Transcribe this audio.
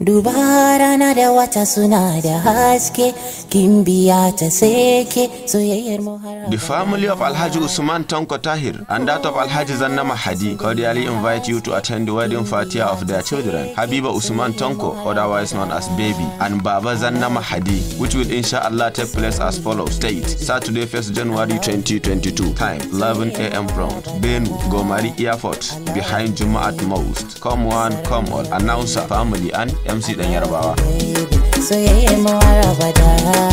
Duba rana da wata suna da haske, kimbiya ta seke soyayyar muharram. The family of Alhaji Usman Tanko Tahir and that of Alhaji Zanna Mahadi cordially invite you to attend the wedding fatia of their children, Habiba Usman Tanko, otherwise known as Baby, and Baba Zanna Mahadi, which will inshallah take place as follows. state Saturday 1st January 2022. Time, 11 a.m. prompt. Benu, Gomari Airport, behind Jumaat Most. Come one, come all. Announcer, family and MC dan Yarbawa. Soyayyar mawara ba da